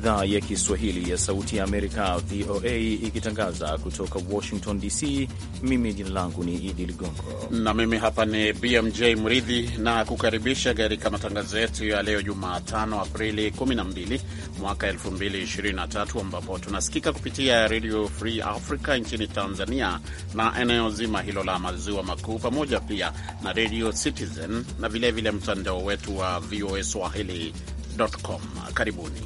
idhaa ya Kiswahili ya Sauti ya Amerika, VOA, ikitangaza kutoka Washington DC. Mimi jina langu ni Idi Ligongo na mimi hapa ni BMJ Mridhi na kukaribisha katika matangazo yetu ya leo Jumatano, Aprili 12 mwaka 2023, ambapo tunasikika kupitia Radio Free Africa nchini Tanzania na eneo zima hilo la maziwa makuu, pamoja pia na Radio Citizen na vilevile mtandao wetu wa VOA Swahili. Karibuni.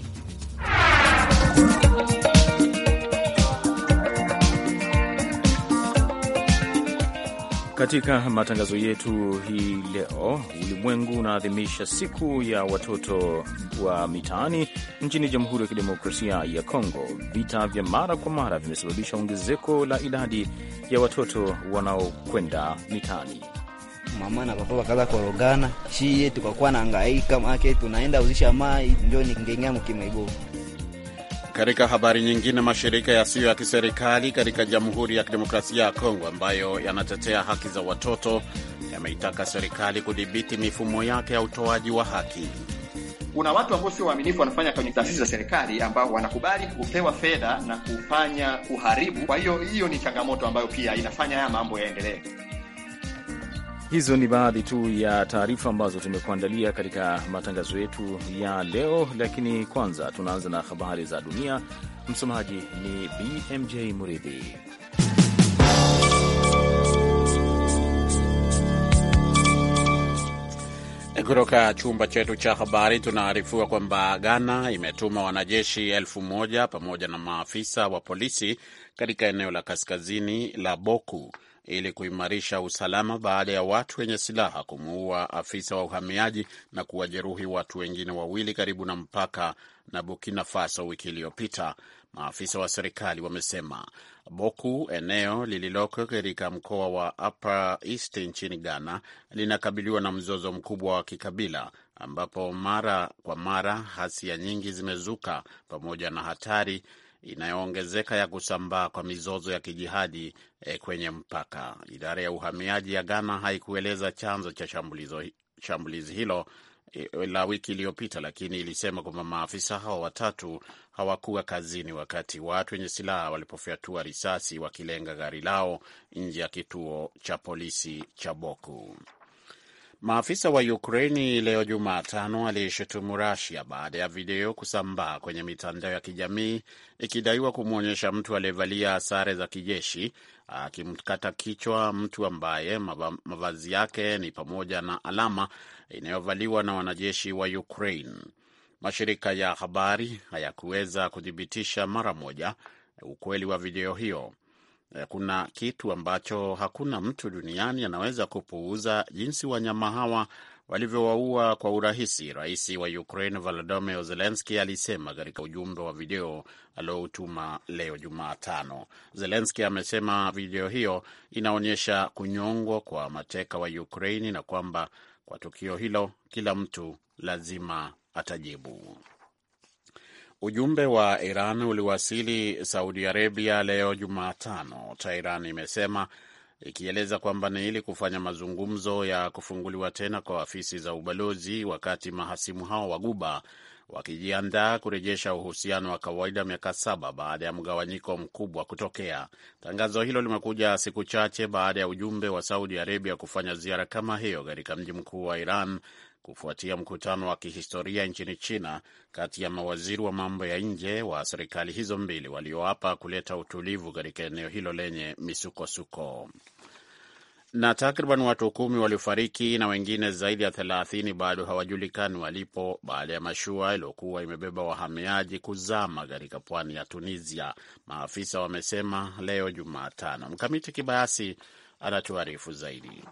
Katika matangazo yetu hii leo, ulimwengu unaadhimisha siku ya watoto wa mitaani. Nchini Jamhuri ya Kidemokrasia ya Kongo, vita vya mara kwa mara vimesababisha ongezeko la idadi ya watoto wanaokwenda mitaani. Mama na papa wakaza korogana, shie tukakuwa na angaika make tunaenda uzisha mai njoni ngengea mkimegoo katika habari nyingine, mashirika yasiyo ya kiserikali katika Jamhuri ya Kidemokrasia ya Kongo ambayo yanatetea haki za watoto yameitaka serikali kudhibiti mifumo yake ya utoaji wa haki. Kuna watu ambao sio waaminifu wanafanya kwenye taasisi za serikali ambao wanakubali kupewa fedha na kufanya kuharibu. Kwa hiyo hiyo ni changamoto ambayo pia inafanya haya mambo yaendelee. Hizo ni baadhi tu ya taarifa ambazo tumekuandalia katika matangazo yetu ya leo, lakini kwanza tunaanza na habari za dunia. Msomaji ni BMJ Muridhi. Kutoka chumba chetu cha habari tunaarifua kwamba Ghana imetuma wanajeshi elfu moja pamoja na maafisa wa polisi katika eneo la kaskazini la Boku ili kuimarisha usalama baada ya watu wenye silaha kumuua afisa wa uhamiaji na kuwajeruhi watu wengine wawili karibu na mpaka na Burkina Faso wiki iliyopita, maafisa wa serikali wamesema. Boku, eneo lililoko katika mkoa wa Upper East nchini Ghana, linakabiliwa na mzozo mkubwa wa kikabila ambapo mara kwa mara hasia nyingi zimezuka pamoja na hatari inayoongezeka ya kusambaa kwa mizozo ya kijihadi e, kwenye mpaka. Idara ya uhamiaji ya Ghana haikueleza chanzo cha shambulizi hilo e, la wiki iliyopita, lakini ilisema kwamba maafisa hao watatu hawakuwa kazini wakati watu wenye silaha walipofyatua risasi wakilenga gari lao nje ya kituo cha polisi cha Boku. Maafisa wa Ukraini leo Jumatano waliishutumu Rasia baada ya video kusambaa kwenye mitandao ya kijamii ikidaiwa kumwonyesha mtu aliyevalia sare za kijeshi akimkata kichwa mtu ambaye mavazi yake ni pamoja na alama inayovaliwa na wanajeshi wa Ukraine. Mashirika ya habari hayakuweza kuthibitisha mara moja ukweli wa video hiyo. Eh, kuna kitu ambacho hakuna mtu duniani anaweza kupuuza, jinsi wanyama hawa walivyowaua kwa urahisi, rais wa Ukraine Volodymyr Zelenski alisema katika ujumbe wa video alioutuma leo Jumatano. Zelenski amesema video hiyo inaonyesha kunyongwa kwa mateka wa Ukraini na kwamba kwa tukio hilo kila mtu lazima atajibu. Ujumbe wa Iran uliwasili Saudi Arabia leo Jumatano, Tehran imesema ikieleza kwamba ni ili kufanya mazungumzo ya kufunguliwa tena kwa afisi za ubalozi, wakati mahasimu hao wa Guba wakijiandaa kurejesha uhusiano wa kawaida miaka saba baada ya mgawanyiko mkubwa kutokea. Tangazo hilo limekuja siku chache baada ya ujumbe wa Saudi Arabia kufanya ziara kama hiyo katika mji mkuu wa Iran kufuatia mkutano wa kihistoria nchini China kati ya mawaziri wa mambo ya nje wa serikali hizo mbili walioapa kuleta utulivu katika eneo hilo lenye misukosuko na takriban watu kumi walifariki na wengine zaidi ya thelathini bado hawajulikani walipo baada ya mashua iliyokuwa imebeba wahamiaji kuzama katika pwani ya Tunisia, maafisa wamesema leo Jumatano. Mkamiti Kibayasi anatuarifu zaidi.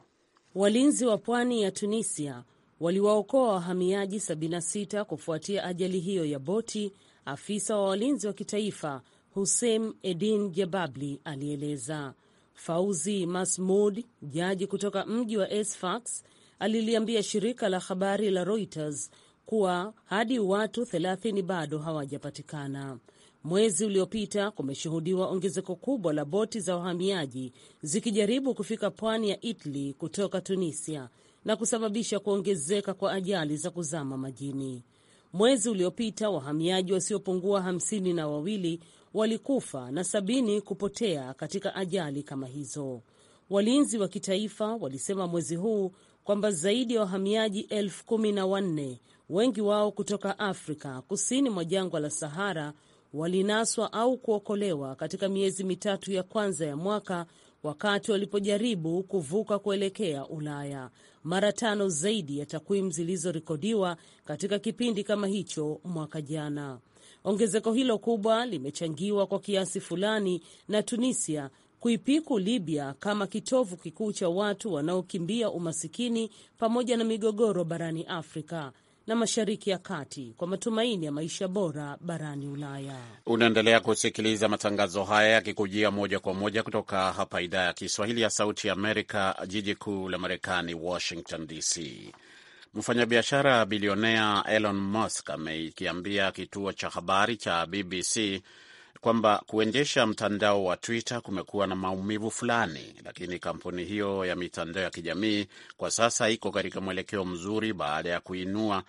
Walinzi wa pwani ya Tunisia waliwaokoa wahamiaji 76 kufuatia ajali hiyo ya boti, afisa wa walinzi wa kitaifa Hussein Edin Jebabli alieleza. Fauzi Masmud, jaji kutoka mji wa Sfax, aliliambia shirika la habari la Reuters kuwa hadi watu 30 bado hawajapatikana. Mwezi uliopita kumeshuhudiwa ongezeko kubwa la boti za wahamiaji zikijaribu kufika pwani ya Italy kutoka Tunisia na kusababisha kuongezeka kwa ajali za kuzama majini. Mwezi uliopita wahamiaji wasiopungua hamsini na wawili walikufa na sabini kupotea katika ajali kama hizo. Walinzi wa kitaifa walisema mwezi huu kwamba zaidi ya wa wahamiaji elfu kumi na wanne wengi wao kutoka Afrika kusini mwa jangwa la Sahara walinaswa au kuokolewa katika miezi mitatu ya kwanza ya mwaka wakati walipojaribu kuvuka kuelekea Ulaya, mara tano zaidi ya takwimu zilizorekodiwa katika kipindi kama hicho mwaka jana. Ongezeko hilo kubwa limechangiwa kwa kiasi fulani na Tunisia kuipiku Libya kama kitovu kikuu cha watu wanaokimbia umasikini pamoja na migogoro barani Afrika na Mashariki ya Kati kwa matumaini ya maisha bora barani Ulaya. Unaendelea kusikiliza matangazo haya yakikujia moja kwa moja kutoka hapa idhaa ya Kiswahili ya Sauti ya Amerika, jiji kuu la Marekani, Washington DC. Mfanyabiashara bilionea Elon Musk amekiambia kituo cha habari cha BBC kwamba kuendesha mtandao wa Twitter kumekuwa na maumivu fulani, lakini kampuni hiyo ya mitandao ya kijamii kwa sasa iko katika mwelekeo mzuri baada ya kuinua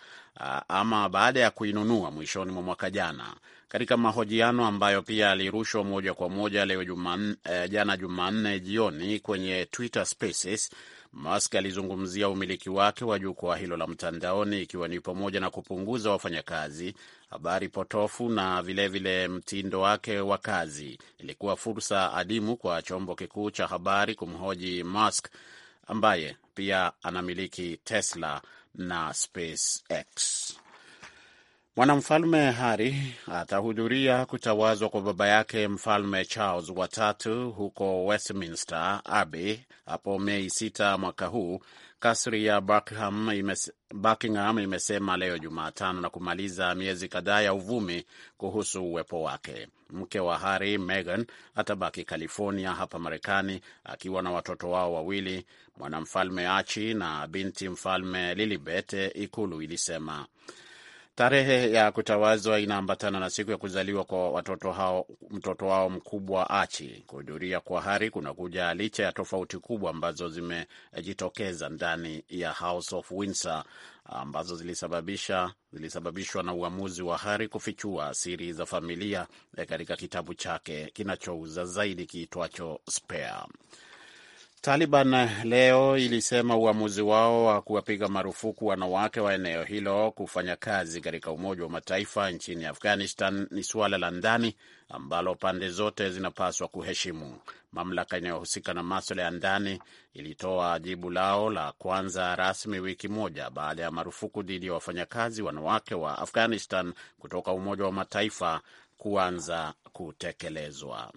ama baada ya kuinunua mwishoni mwa mwaka jana. Katika mahojiano ambayo pia alirushwa moja kwa moja leo Jumanne, eh, jana Jumanne jioni kwenye Twitter Spaces, Musk alizungumzia umiliki wake wa jukwaa hilo la mtandaoni, ikiwa ni pamoja na kupunguza wafanyakazi, habari potofu na vilevile vile mtindo wake wa kazi. Ilikuwa fursa adimu kwa chombo kikuu cha habari kumhoji Musk ambaye pia anamiliki Tesla na SpaceX. Mwanamfalme Harry atahudhuria kutawazwa kwa baba yake Mfalme Charles watatu huko Westminster Abbey hapo Mei 6 mwaka huu, kasri ya Buckingham, imes, Buckingham imesema leo Jumatano, na kumaliza miezi kadhaa ya uvumi kuhusu uwepo wake. Mke wa Harry, Meghan, atabaki California hapa Marekani akiwa na watoto wao wawili, mwanamfalme Archie na binti mfalme Lilibet, ikulu ilisema. Tarehe ya kutawazwa inaambatana na siku ya kuzaliwa kwa watoto hao, mtoto wao mkubwa Achi. Kuhudhuria kwa hari kunakuja licha ya tofauti kubwa ambazo zimejitokeza ndani ya House of Windsor ambazo zilisababisha zilisababishwa na uamuzi wa Hari kufichua siri za familia eh, katika kitabu chake kinachouza zaidi kiitwacho Spare. Taliban leo ilisema uamuzi wao wa kuwapiga marufuku wanawake wa eneo hilo kufanya kazi katika Umoja wa Mataifa nchini Afghanistan ni suala la ndani ambalo pande zote zinapaswa kuheshimu. Mamlaka inayohusika na maswala ya ndani ilitoa jibu lao la kwanza rasmi wiki moja baada ya marufuku dhidi ya wafanyakazi wanawake wa Afghanistan kutoka Umoja wa Mataifa kuanza kutekelezwa.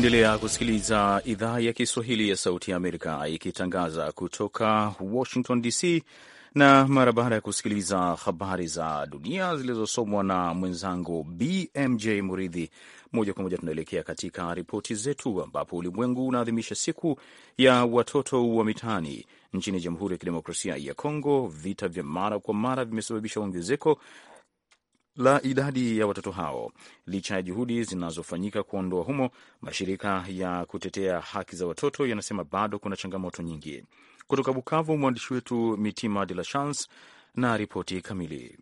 Unaendelea kusikiliza idhaa ya Kiswahili ya Sauti ya Amerika ikitangaza kutoka Washington DC, na mara baada ya kusikiliza habari za dunia zilizosomwa na mwenzangu BMJ Muridhi, moja kwa moja tunaelekea katika ripoti zetu, ambapo ulimwengu unaadhimisha siku ya watoto wa mitaani. Nchini Jamhuri ya Kidemokrasia ya Kongo, vita vya mara kwa mara vimesababisha ongezeko la idadi ya watoto hao. Licha ya juhudi zinazofanyika kuondoa humo, mashirika ya kutetea haki za watoto yanasema bado kuna changamoto nyingi. Kutoka Bukavu, mwandishi wetu Mitima De La Chance na ripoti kamili.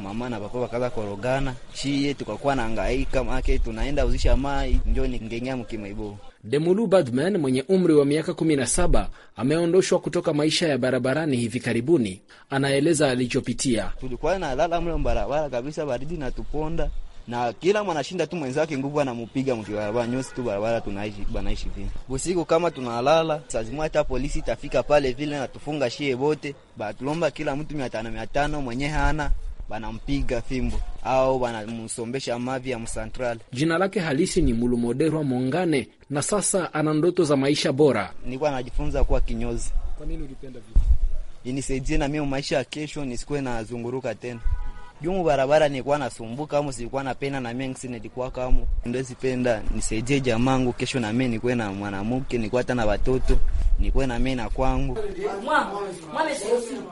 Mama na papa wakaza korogana shiye, tukakuwa na angaika make tunaenda uzisha mai njo ningengea mkimaibo. Demulu Badman mwenye umri wa miaka 17 ameondoshwa kutoka maisha ya barabarani hivi karibuni. Anaeleza alichopitia. Tulikuwa na lala mle barabara kabisa, baridi na tuponda na kila mwanashinda tu mwenzake nguvu anamupiga mkibarabara, nyosi tu barabara tunaishi banaishi vipi Usiku kama tunalala, lazima hata polisi tafika pale vile na tufunga shie bote, batulomba kila mtu 500 500 mwenye hana wanampiga fimbo au wanamsombesha mavi ya msantral. Jina lake halisi ni Mulumoderwa Mongane, na sasa ana ndoto za maisha bora. Nilikuwa najifunza kuwa kinyozi. Kwa nini ulipenda vitu? Inisaidie na mimi maisha ya kesho nisikuwe nazunguruka tena. Jumu barabara nilikuwa nasumbuka amu silikuwa napenda na mimi ngisi nilikuwa kamo. ndio penda nisaidie jamangu kesho na mimi nikuwe na mwanamke nikuwa hata na watoto nikuwe na mimi na kwangu.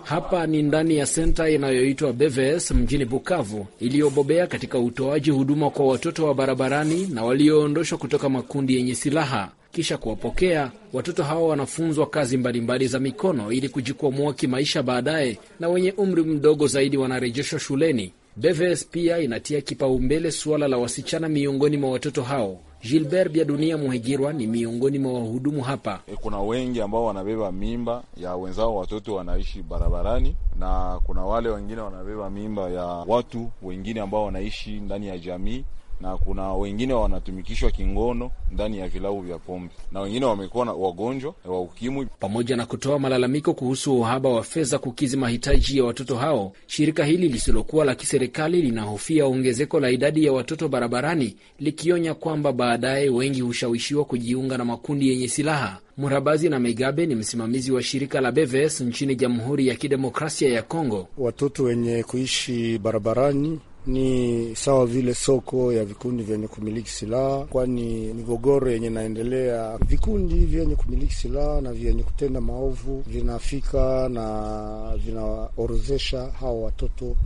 Hapa ni ndani ya senta inayoitwa BVS mjini Bukavu iliyobobea katika utoaji huduma kwa watoto wa barabarani na walioondoshwa kutoka makundi yenye silaha kisha kuwapokea watoto hawa. Wanafunzwa kazi mbalimbali mbali za mikono ili kujikwamua kimaisha baadaye, na wenye umri mdogo zaidi wanarejeshwa shuleni. Beves pia inatia kipaumbele suala la wasichana miongoni mwa watoto hao. Gilbert Bya Dunia Muhigirwa ni miongoni mwa wahudumu hapa. Eh, kuna wengi ambao wanabeba mimba ya wenzao, watoto wanaishi barabarani, na kuna wale wengine wanabeba mimba ya watu wengine ambao wanaishi ndani ya jamii na kuna wengine wanatumikishwa kingono ndani ya vilabu vya pombe na wengine wamekuwa na wagonjwa wa ukimwi. Pamoja na kutoa malalamiko kuhusu uhaba wa fedha kukizi mahitaji ya watoto hao, shirika hili lisilokuwa la kiserikali linahofia ongezeko la idadi ya watoto barabarani, likionya kwamba baadaye wengi hushawishiwa kujiunga na makundi yenye silaha. Murabazi na Megabe ni msimamizi wa shirika la BVS nchini Jamhuri ya Kidemokrasia ya Kongo. Watoto wenye kuishi barabarani ni sawa vile soko ya vikundi vyenye kumiliki silaha, kwani migogoro yenye naendelea, vikundi vyenye kumiliki silaha na vyenye kutenda maovu vinafika na vinaorozesha hawa watoto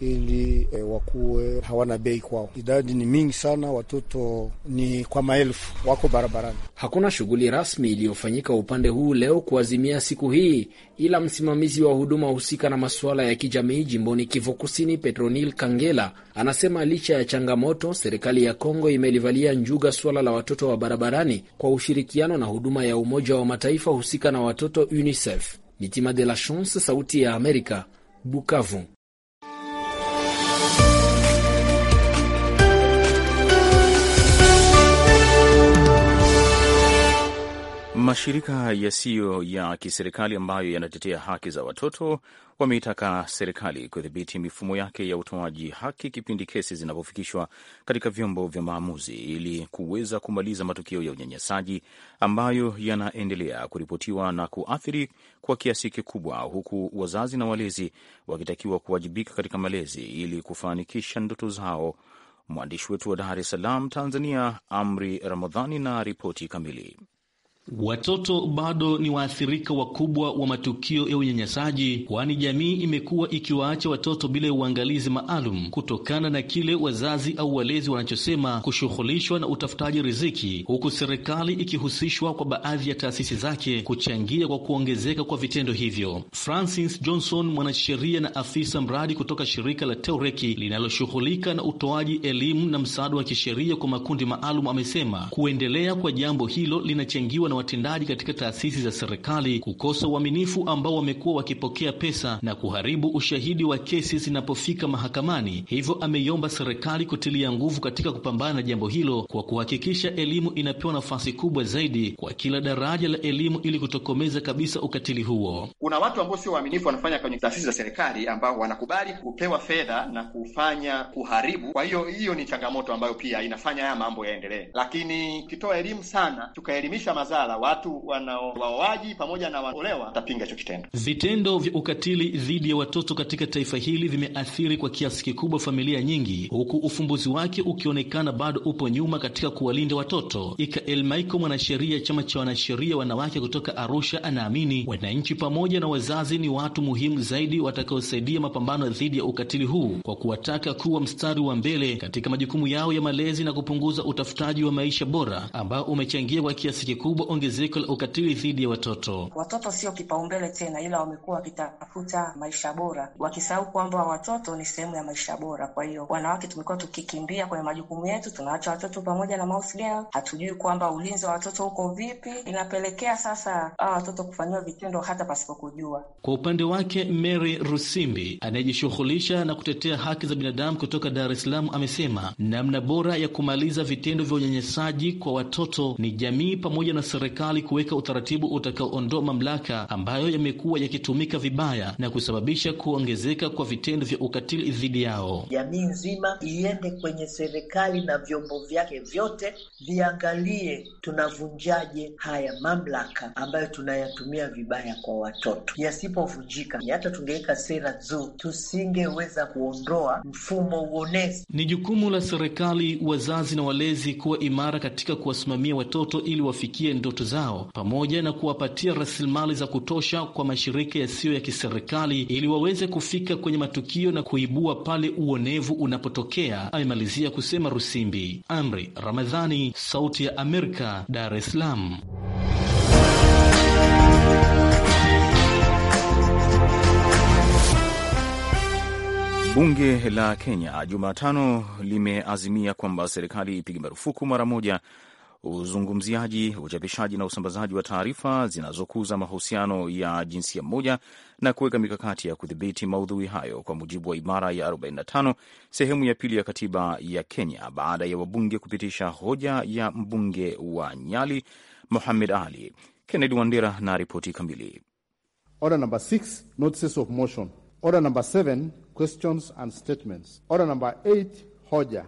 ili e, wakuwe hawana bei kwao. Idadi ni mingi sana, watoto ni kwa maelfu wako barabarani. Hakuna shughuli rasmi iliyofanyika upande huu leo kuazimia siku hii, ila msimamizi wa huduma husika na masuala ya kijamii jimboni Kivu Kusini, Petronil Kangela, anasema licha ya changamoto, serikali ya Kongo imelivalia njuga suala la watoto wa barabarani kwa ushirikiano na huduma ya Umoja wa Mataifa husika na watoto UNICEF. Mitima de la Chance, Sauti ya Amerika, Bukavu. Mashirika yasiyo ya kiserikali ambayo yanatetea haki za watoto wameitaka serikali kudhibiti mifumo yake ya utoaji haki kipindi kesi zinapofikishwa katika vyombo vya maamuzi ili kuweza kumaliza matukio ya unyanyasaji ambayo yanaendelea kuripotiwa na kuathiri kwa kiasi kikubwa, huku wazazi na walezi wakitakiwa kuwajibika katika malezi ili kufanikisha ndoto zao. Mwandishi wetu wa Dar es Salaam, Tanzania, Amri Ramadhani na ripoti kamili. Watoto bado ni waathirika wakubwa wa matukio ya unyanyasaji, kwani jamii imekuwa ikiwaacha watoto bila uangalizi maalum kutokana na kile wazazi au walezi wanachosema kushughulishwa na utafutaji riziki, huku serikali ikihusishwa kwa baadhi ya taasisi zake kuchangia kwa kuongezeka kwa vitendo hivyo. Francis Johnson, mwanasheria na afisa mradi kutoka shirika la Teureki linaloshughulika na utoaji elimu na msaada wa kisheria kwa makundi maalum, amesema kuendelea kwa jambo hilo linachangiwa na watendaji katika taasisi za serikali kukosa uaminifu ambao wamekuwa wakipokea pesa na kuharibu ushahidi wa kesi zinapofika mahakamani. Hivyo ameiomba serikali kutilia nguvu katika kupambana na jambo hilo kwa kuhakikisha elimu inapewa nafasi kubwa zaidi kwa kila daraja la elimu ili kutokomeza kabisa ukatili huo. Kuna watu ambao sio waaminifu wanafanya kwenye taasisi za serikali ambao wanakubali kupewa fedha na kufanya kuharibu. Kwa hiyo hiyo ni changamoto ambayo pia inafanya haya mambo yaendelee, lakini kitoa elimu sana tukaelimisha mazala madhara, watu wanaowaoaji pamoja na wanaolewa watapinga hicho kitendo. Vitendo vya ukatili dhidi ya watoto katika taifa hili vimeathiri kwa kiasi kikubwa familia nyingi, huku ufumbuzi wake ukionekana bado upo nyuma katika kuwalinda watoto. Ikael Maiko, mwanasheria chama cha wanasheria wanawake kutoka Arusha, anaamini wananchi pamoja na wazazi ni watu muhimu zaidi watakaosaidia mapambano dhidi ya ukatili huu kwa kuwataka kuwa mstari wa mbele katika majukumu yao ya malezi na kupunguza utafutaji wa maisha bora ambao umechangia kwa kiasi kikubwa ongezeko la ukatili dhidi ya watoto. Watoto sio kipaumbele tena, ila wamekuwa wakitafuta maisha bora, wakisahau kwamba watoto ni sehemu ya maisha bora. Kwa hiyo wanawake tumekuwa tukikimbia kwenye majukumu yetu, tunaacha watoto pamoja na mouse girl. Hatujui kwamba ulinzi wa watoto uko vipi, inapelekea sasa hawa watoto kufanyiwa vitendo hata pasipokujua. Kwa upande wake, Mary Rusimbi anayejishughulisha na kutetea haki za binadamu kutoka Dar es Salaam amesema namna bora ya kumaliza vitendo vya unyanyasaji kwa watoto ni jamii pamoja na serikali kuweka utaratibu utakaoondoa mamlaka ambayo yamekuwa yakitumika vibaya na kusababisha kuongezeka kwa vitendo vya ukatili dhidi yao. Jamii nzima iende kwenye serikali na vyombo vyake vyote viangalie, tunavunjaje haya mamlaka ambayo tunayatumia vibaya kwa watoto. Yasipovunjika, hata tungeweka sera nzuri, tusingeweza kuondoa mfumo uonezi. Ni jukumu la serikali, wazazi na walezi kuwa imara katika kuwasimamia watoto ili wafikie ndo ndoto zao pamoja na kuwapatia rasilimali za kutosha kwa mashirika yasiyo ya kiserikali ili waweze kufika kwenye matukio na kuibua pale uonevu unapotokea, amemalizia kusema Rusimbi. Amri Ramadhani, Sauti ya Amerika, Dar es Salaam. Bunge la Kenya Jumatano limeazimia kwamba serikali ipige marufuku mara moja uzungumziaji, uchapishaji na usambazaji wa taarifa zinazokuza mahusiano ya jinsia moja na kuweka mikakati ya kudhibiti maudhui hayo kwa mujibu wa ibara ya 45 sehemu ya pili ya katiba ya Kenya, baada ya wabunge kupitisha hoja ya mbunge wa Nyali Mohamed Ali. Kennedy Wandera na ripoti kamili. Order number 6, notices of motion. Order number 7, questions and statements. Order number 8, hoja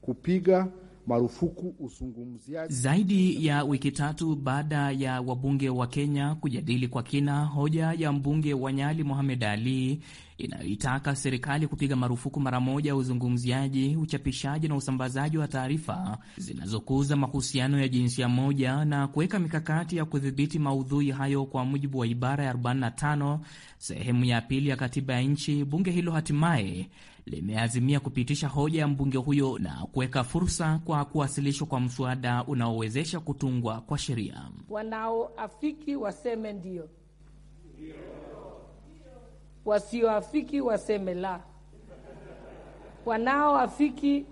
kupiga marufuku uzungumziaji. Zaidi ya wiki tatu baada ya wabunge wa Kenya kujadili kwa kina hoja ya mbunge wa Nyali Mohamed Ali inayoitaka serikali kupiga marufuku mara moja ya uzungumziaji, uchapishaji na usambazaji wa taarifa zinazokuza mahusiano ya jinsia moja na kuweka mikakati ya kudhibiti maudhui hayo kwa mujibu wa ibara ya 45 sehemu ya pili ya katiba ya nchi, bunge hilo hatimaye limeazimia kupitisha hoja ya mbunge huyo na kuweka fursa kwa kuwasilishwa kwa mswada unaowezesha kutungwa kwa sheria. Wanaoafiki waseme ndio, wasioafiki waseme la. Wanaoafiki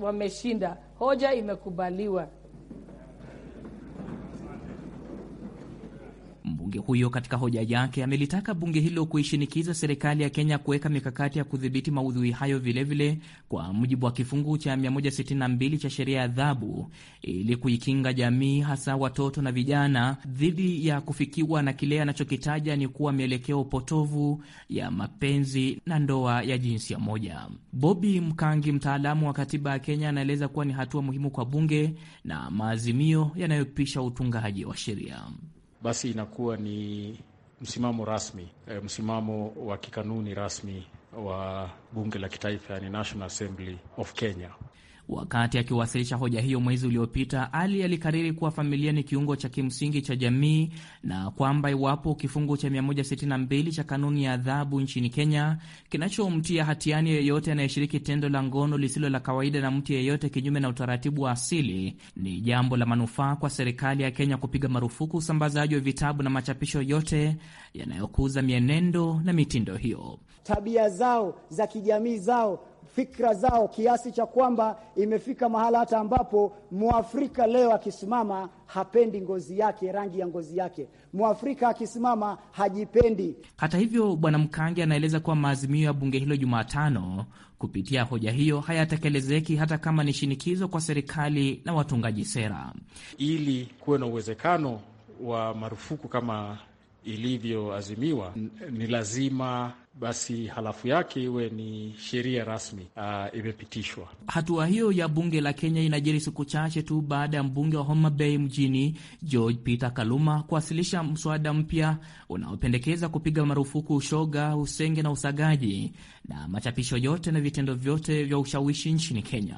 wameshinda, hoja imekubaliwa. Mbunge huyo katika hoja yake amelitaka bunge hilo kuishinikiza serikali ya Kenya kuweka mikakati ya kudhibiti maudhui hayo vilevile vile, kwa mujibu wa kifungu cha 162 cha sheria ya adhabu ili kuikinga jamii hasa watoto na vijana dhidi ya kufikiwa na kile anachokitaja ni kuwa mielekeo potovu ya mapenzi na ndoa ya jinsia moja. Bobi Mkangi, mtaalamu wa katiba ya Kenya, anaeleza kuwa ni hatua muhimu kwa bunge na maazimio yanayopisha utungaji wa sheria basi inakuwa ni msimamo rasmi, e, msimamo wa kikanuni rasmi wa bunge la kitaifa, yani National Assembly of Kenya. Wakati akiwasilisha hoja hiyo mwezi uliopita, Ali alikariri kuwa familia ni kiungo cha kimsingi cha jamii na kwamba iwapo kifungu cha 162 cha kanuni ya adhabu nchini Kenya kinachomtia hatiani yeyote anayeshiriki tendo la ngono lisilo la kawaida na mtu yeyote kinyume na utaratibu wa asili, ni jambo la manufaa kwa serikali ya Kenya kupiga marufuku usambazaji wa vitabu na machapisho yote yanayokuza mienendo na mitindo hiyo. Tabia zao za kijamii zao fikra zao kiasi cha kwamba imefika mahala hata ambapo Mwafrika leo akisimama hapendi ngozi yake, rangi ya ngozi yake. Mwafrika akisimama hajipendi. Hata hivyo, Bwana Mkange anaeleza kuwa maazimio ya bunge hilo Jumatano kupitia hoja hiyo hayatekelezeki hata kama ni shinikizo kwa serikali na watungaji sera, ili kuwe na uwezekano wa marufuku kama ilivyoazimiwa ni lazima basi halafu yake iwe ni sheria rasmi uh, imepitishwa. Hatua hiyo ya bunge la Kenya inajiri siku chache tu baada ya mbunge wa Homa Bay mjini George Peter Kaluma kuwasilisha mswada mpya unaopendekeza kupiga marufuku ushoga, usenge na usagaji na machapisho yote na vitendo vyote vya ushawishi nchini Kenya.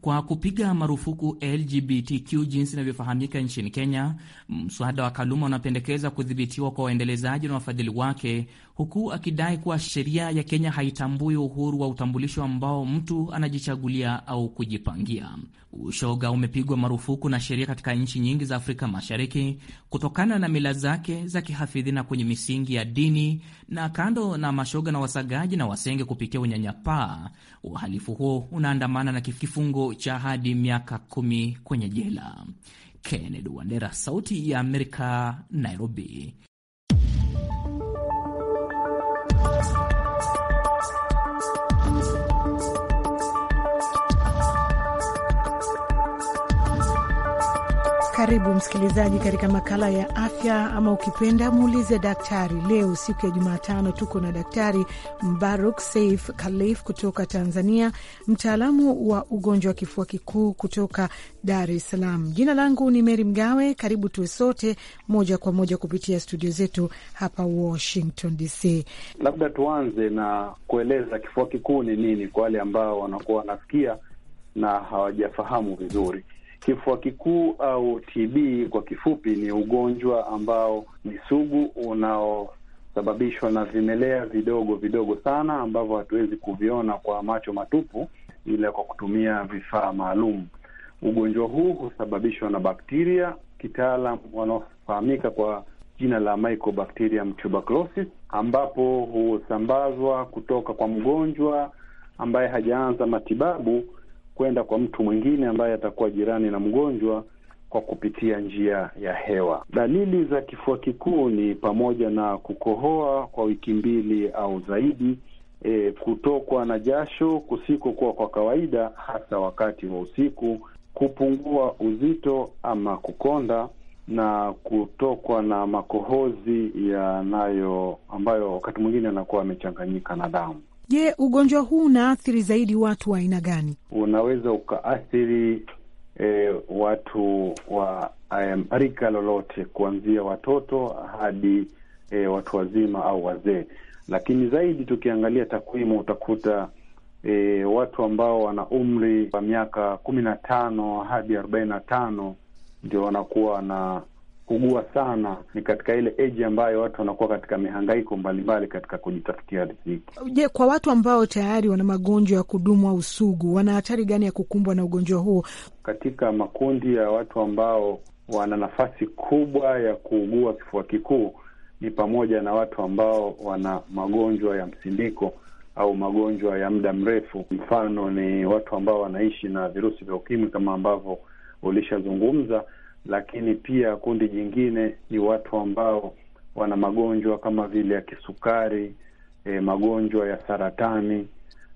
Kwa kupiga marufuku LGBTQ jinsi inavyofahamika nchini Kenya, mswada wa Kaluma unapendekeza kudhibitiwa kwa waendelezaji na wafadhili wake huku akidai kuwa sheria ya Kenya haitambui uhuru wa utambulisho ambao mtu anajichagulia au kujipangia. Ushoga umepigwa marufuku na sheria katika nchi nyingi za Afrika Mashariki kutokana na mila zake za kihafidhina kwenye misingi ya dini, na kando na mashoga na wasagaji na wasenge kupitia unyanyapaa, uhalifu huo unaandamana na kifungo cha hadi miaka kumi kwenye jela. Kennedy Wandera, Sauti ya Amerika, Nairobi. Bye. Karibu msikilizaji katika makala ya afya, ama ukipenda muulize daktari. Leo siku ya Jumatano tuko na Daktari Mbaruk Saif Khalif kutoka Tanzania, mtaalamu wa ugonjwa wa kifua kikuu kutoka Dar es Salaam. Jina langu ni Meri Mgawe. Karibu tuwe sote moja kwa moja kupitia studio zetu hapa Washington DC. Labda tuanze na kueleza kifua kikuu ni nini kwa wale ambao wanakuwa wanasikia na hawajafahamu vizuri. Kifua kikuu au TB kwa kifupi ni ugonjwa ambao ni sugu unaosababishwa na vimelea vidogo vidogo sana ambavyo hatuwezi kuviona kwa macho matupu, ila kwa kutumia vifaa maalum. Ugonjwa huu husababishwa na bakteria, kitaalam wanaofahamika kwa jina la Mycobacterium tuberculosis, ambapo husambazwa kutoka kwa mgonjwa ambaye hajaanza matibabu kwenda kwa mtu mwingine ambaye atakuwa jirani na mgonjwa kwa kupitia njia ya hewa. Dalili za kifua kikuu ni pamoja na kukohoa kwa wiki mbili au zaidi, e, kutokwa na jasho kusikokuwa kwa kawaida, hasa wakati wa usiku, kupungua uzito ama kukonda, na kutokwa na makohozi yanayo ambayo wakati mwingine anakuwa amechanganyika na damu. Je, ugonjwa huu unaathiri zaidi watu wa aina gani? Unaweza ukaathiri e, watu wa um, rika lolote kuanzia watoto hadi e, watu wazima au wazee, lakini zaidi tukiangalia takwimu utakuta e, watu ambao wana umri wa miaka kumi na tano hadi arobaini na tano ndio wanakuwa na kugua sana ni katika ile eji ambayo watu wanakuwa katika mihangaiko mbalimbali katika kujitafutia riziki. Je, kwa watu ambao tayari wana magonjwa ya kudumu au sugu, wana hatari gani ya kukumbwa na ugonjwa huo? Katika makundi ya watu ambao wana nafasi kubwa ya kuugua kifua kikuu ni pamoja na watu ambao wana magonjwa ya msindiko au magonjwa ya muda mrefu. Mfano ni watu ambao wanaishi na virusi vya ukimwi kama ambavyo ulishazungumza lakini pia kundi jingine ni watu ambao wana magonjwa kama vile ya kisukari, e, magonjwa ya saratani,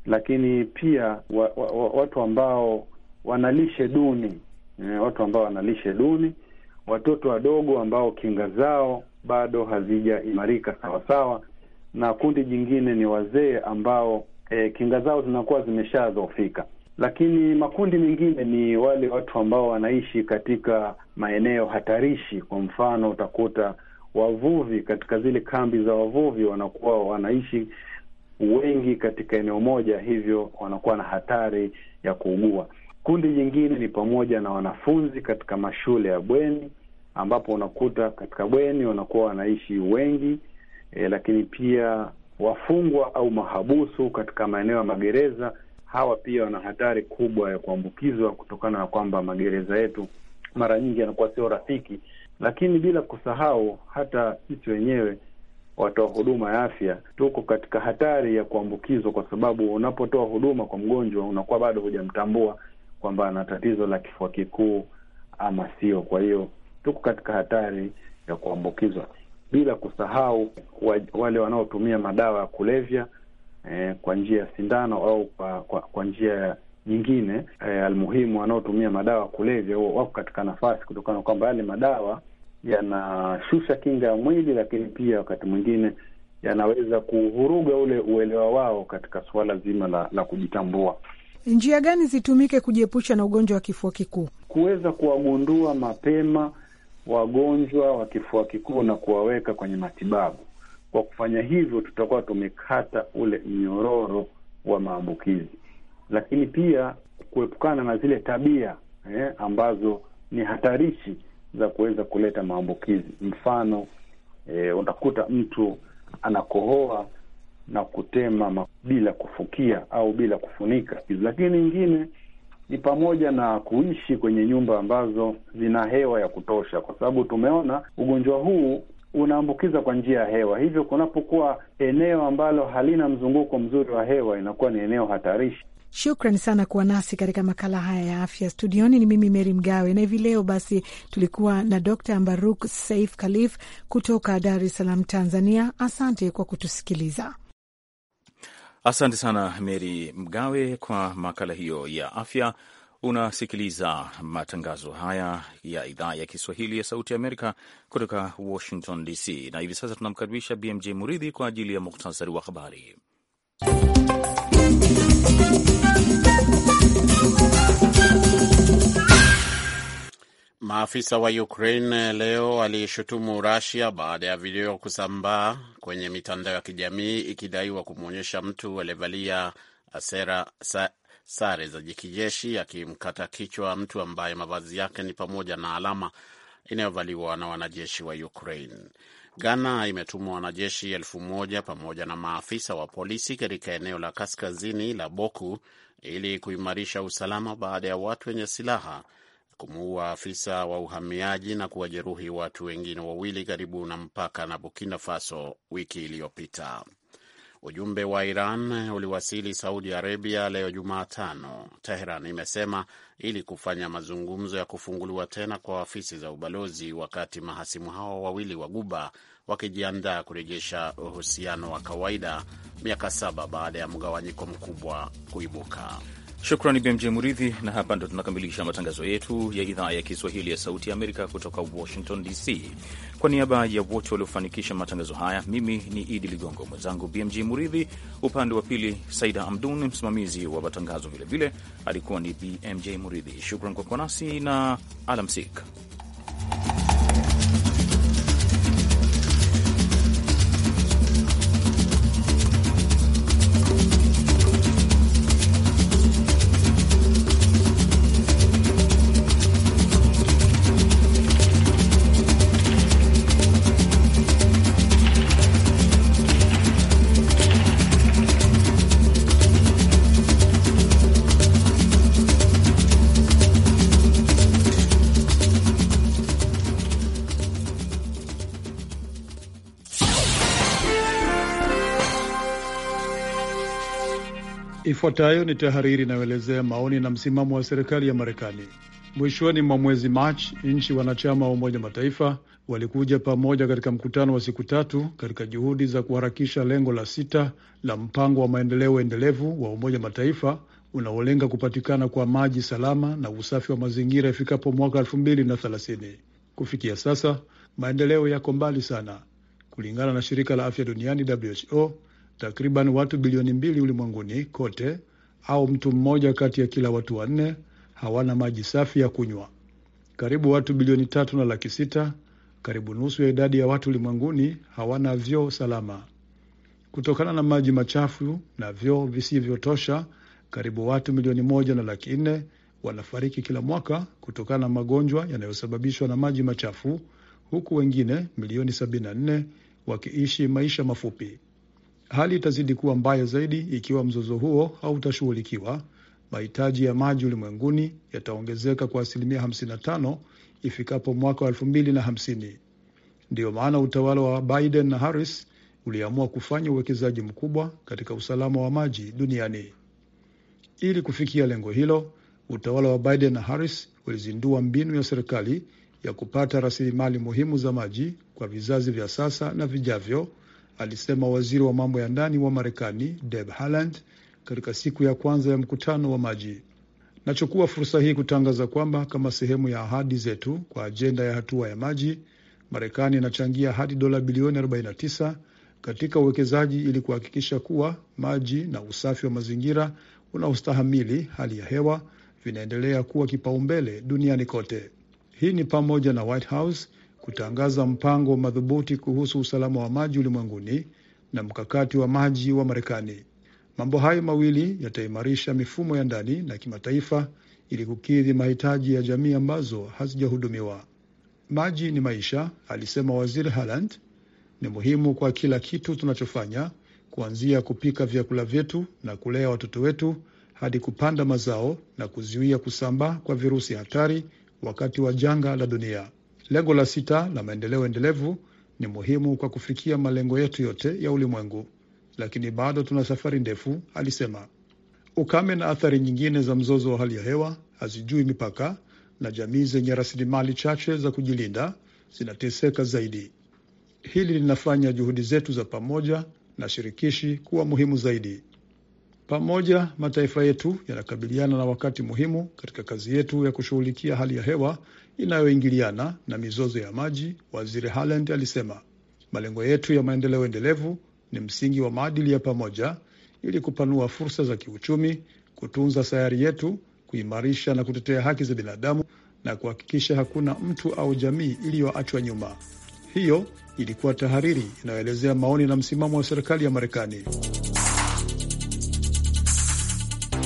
lakini pia wa, wa, wa, watu ambao wanalishe duni e, watu ambao wanalishe duni, watoto wadogo ambao kinga zao bado hazijaimarika sawasawa, na kundi jingine ni wazee ambao e, kinga zao zinakuwa zimeshadhoofika lakini makundi mengine ni wale watu ambao wanaishi katika maeneo hatarishi. Kwa mfano, utakuta wavuvi katika zile kambi za wavuvi wanakuwa wanaishi wengi katika eneo moja, hivyo wanakuwa na hatari ya kuugua. Kundi jingine ni pamoja na wanafunzi katika mashule ya bweni, ambapo unakuta katika bweni wanakuwa wanaishi wengi e, lakini pia wafungwa au mahabusu katika maeneo ya magereza hawa pia wana hatari kubwa ya kuambukizwa kutokana na kwamba magereza yetu mara nyingi yanakuwa sio rafiki, lakini bila kusahau hata sisi wenyewe watoa huduma ya afya tuko katika hatari ya kuambukizwa, kwa sababu unapotoa huduma kwa mgonjwa unakuwa bado hujamtambua kwamba ana tatizo la kifua kikuu ama sio. Kwa hiyo tuko katika hatari ya kuambukizwa, bila kusahau wale wanaotumia madawa ya kulevya eh, kwa njia ya sindano au kwa, kwa, kwa njia nyingine eh, almuhimu wanaotumia madawa kulevya wako katika nafasi kutokana na kwamba yale madawa yanashusha kinga ya mwili, lakini pia wakati mwingine yanaweza kuvuruga ule uelewa wao katika suala zima la, la kujitambua. Njia gani zitumike kujiepusha na ugonjwa wa kifua kikuu? Kuweza kuwagundua mapema wagonjwa wa kifua kikuu na kuwaweka kwenye matibabu. Kwa kufanya hivyo, tutakuwa tumekata ule mnyororo wa maambukizi, lakini pia kuepukana na zile tabia eh, ambazo ni hatarishi za kuweza kuleta maambukizi. Mfano eh, unakuta mtu anakohoa na kutema bila kufukia au bila kufunika, lakini ingine ni pamoja na kuishi kwenye nyumba ambazo zina hewa ya kutosha, kwa sababu tumeona ugonjwa huu unaambukiza kwa njia ya hewa. Hivyo kunapokuwa eneo ambalo halina mzunguko mzuri wa hewa, inakuwa ni eneo hatarishi. Shukran sana kuwa nasi katika makala haya ya afya. Studioni ni mimi Meri Mgawe, na hivi leo basi tulikuwa na Dr ambaruk Saif Khalif kutoka Dar es Salaam, Tanzania. Asante kwa kutusikiliza. Asante sana Meri Mgawe kwa makala hiyo ya afya Unasikiliza matangazo haya ya idhaa ya Kiswahili ya Sauti ya Amerika kutoka Washington DC, na hivi sasa tunamkaribisha BMJ Muridhi kwa ajili ya muktasari wa habari. Maafisa wa Ukraine leo waliishutumu Rusia baada ya video kusambaa kwenye mitandao ya kijamii ikidaiwa kumwonyesha mtu aliyevalia sera, sare za kijeshi, akimkata kichwa mtu ambaye mavazi yake ni pamoja na alama inayovaliwa na wanajeshi wa Ukraine. Ghana imetumwa wanajeshi elfu moja pamoja na maafisa wa polisi katika eneo la kaskazini la Boku ili kuimarisha usalama baada ya watu wenye silaha kumuua afisa wa uhamiaji na kuwajeruhi watu wengine wawili karibu na mpaka na Burkina Faso wiki iliyopita. Ujumbe wa Iran uliwasili Saudi Arabia leo Jumatano, Teheran imesema ili kufanya mazungumzo ya kufunguliwa tena kwa afisi za ubalozi, wakati mahasimu hao wawili wa Guba wakijiandaa kurejesha uhusiano wa kawaida miaka saba baada ya mgawanyiko mkubwa kuibuka. Shukrani BMJ Muridhi, na hapa ndo tunakamilisha matangazo yetu ya idhaa ya Kiswahili ya Sauti ya Amerika kutoka Washington DC. Kwa niaba ya wote waliofanikisha matangazo haya, mimi ni Idi Ligongo, mwenzangu BMJ Muridhi, upande wa pili Saida Amdun, msimamizi wa matangazo vilevile alikuwa ni BMJ Muridhi. Shukran kwa kuwa nasi na alamsik. Ifuatayo ni tahariri inayoelezea maoni na msimamo wa serikali ya Marekani. Mwishoni mwa mwezi Machi, nchi wanachama wa Umoja Mataifa walikuja pamoja katika mkutano wa siku tatu katika juhudi za kuharakisha lengo la sita la mpango wa maendeleo endelevu wa Umoja Mataifa unaolenga kupatikana kwa maji salama na usafi wa mazingira ifikapo mwaka elfu mbili na thelathini. Kufikia sasa maendeleo yako mbali sana. Kulingana na shirika la afya duniani WHO, takriban watu bilioni mbili ulimwenguni kote, au mtu mmoja kati ya kila watu wanne hawana maji safi ya kunywa. Karibu watu bilioni tatu na laki sita, karibu nusu ya idadi ya watu ulimwenguni hawana vyoo salama. Kutokana na maji machafu na vyoo visivyotosha, karibu watu milioni moja na laki nne wanafariki kila mwaka kutokana na magonjwa yanayosababishwa na maji machafu, huku wengine milioni 74 wakiishi maisha mafupi. Hali itazidi kuwa mbaya zaidi ikiwa mzozo huo hautashughulikiwa. Mahitaji ya maji ulimwenguni yataongezeka kwa asilimia 55 ifikapo mwaka wa 2050. Ndiyo maana utawala wa Biden na Harris uliamua kufanya uwekezaji mkubwa katika usalama wa maji duniani. Ili kufikia lengo hilo, utawala wa Biden na Harris ulizindua mbinu ya serikali ya kupata rasilimali muhimu za maji kwa vizazi vya sasa na vijavyo alisema waziri wa mambo ya ndani wa Marekani Deb Haaland katika siku ya kwanza ya mkutano wa maji. Nachukua fursa hii kutangaza kwamba kama sehemu ya ahadi zetu kwa ajenda ya hatua ya maji, Marekani inachangia hadi dola bilioni 49 katika uwekezaji ili kuhakikisha kuwa maji na usafi wa mazingira unaostahamili hali ya hewa vinaendelea kuwa kipaumbele duniani kote. Hii ni pamoja na White House kutangaza mpango madhubuti kuhusu usalama wa maji ulimwenguni na mkakati wa maji wa Marekani. Mambo hayo mawili yataimarisha mifumo ya ndani na kimataifa ili kukidhi mahitaji ya jamii ambazo hazijahudumiwa. Maji ni maisha, alisema Waziri Haland. Ni muhimu kwa kila kitu tunachofanya, kuanzia kupika vyakula vyetu na kulea watoto wetu hadi kupanda mazao na kuzuia kusambaa kwa virusi hatari wakati wa janga la dunia. Lengo la sita la maendeleo endelevu ni muhimu kwa kufikia malengo yetu yote ya ulimwengu, lakini bado tuna safari ndefu, alisema. Ukame na athari nyingine za mzozo wa hali ya hewa hazijui mipaka na jamii zenye rasilimali chache za kujilinda zinateseka zaidi. Hili linafanya juhudi zetu za pamoja na shirikishi kuwa muhimu zaidi. Pamoja mataifa yetu yanakabiliana na wakati muhimu katika kazi yetu ya kushughulikia hali ya hewa inayoingiliana na mizozo ya maji, Waziri Haaland alisema. Malengo yetu ya maendeleo endelevu ni msingi wa maadili ya pamoja ili kupanua fursa za kiuchumi, kutunza sayari yetu, kuimarisha na kutetea haki za binadamu na kuhakikisha hakuna mtu au jamii iliyoachwa nyuma. Hiyo ilikuwa tahariri inayoelezea maoni na msimamo wa serikali ya Marekani.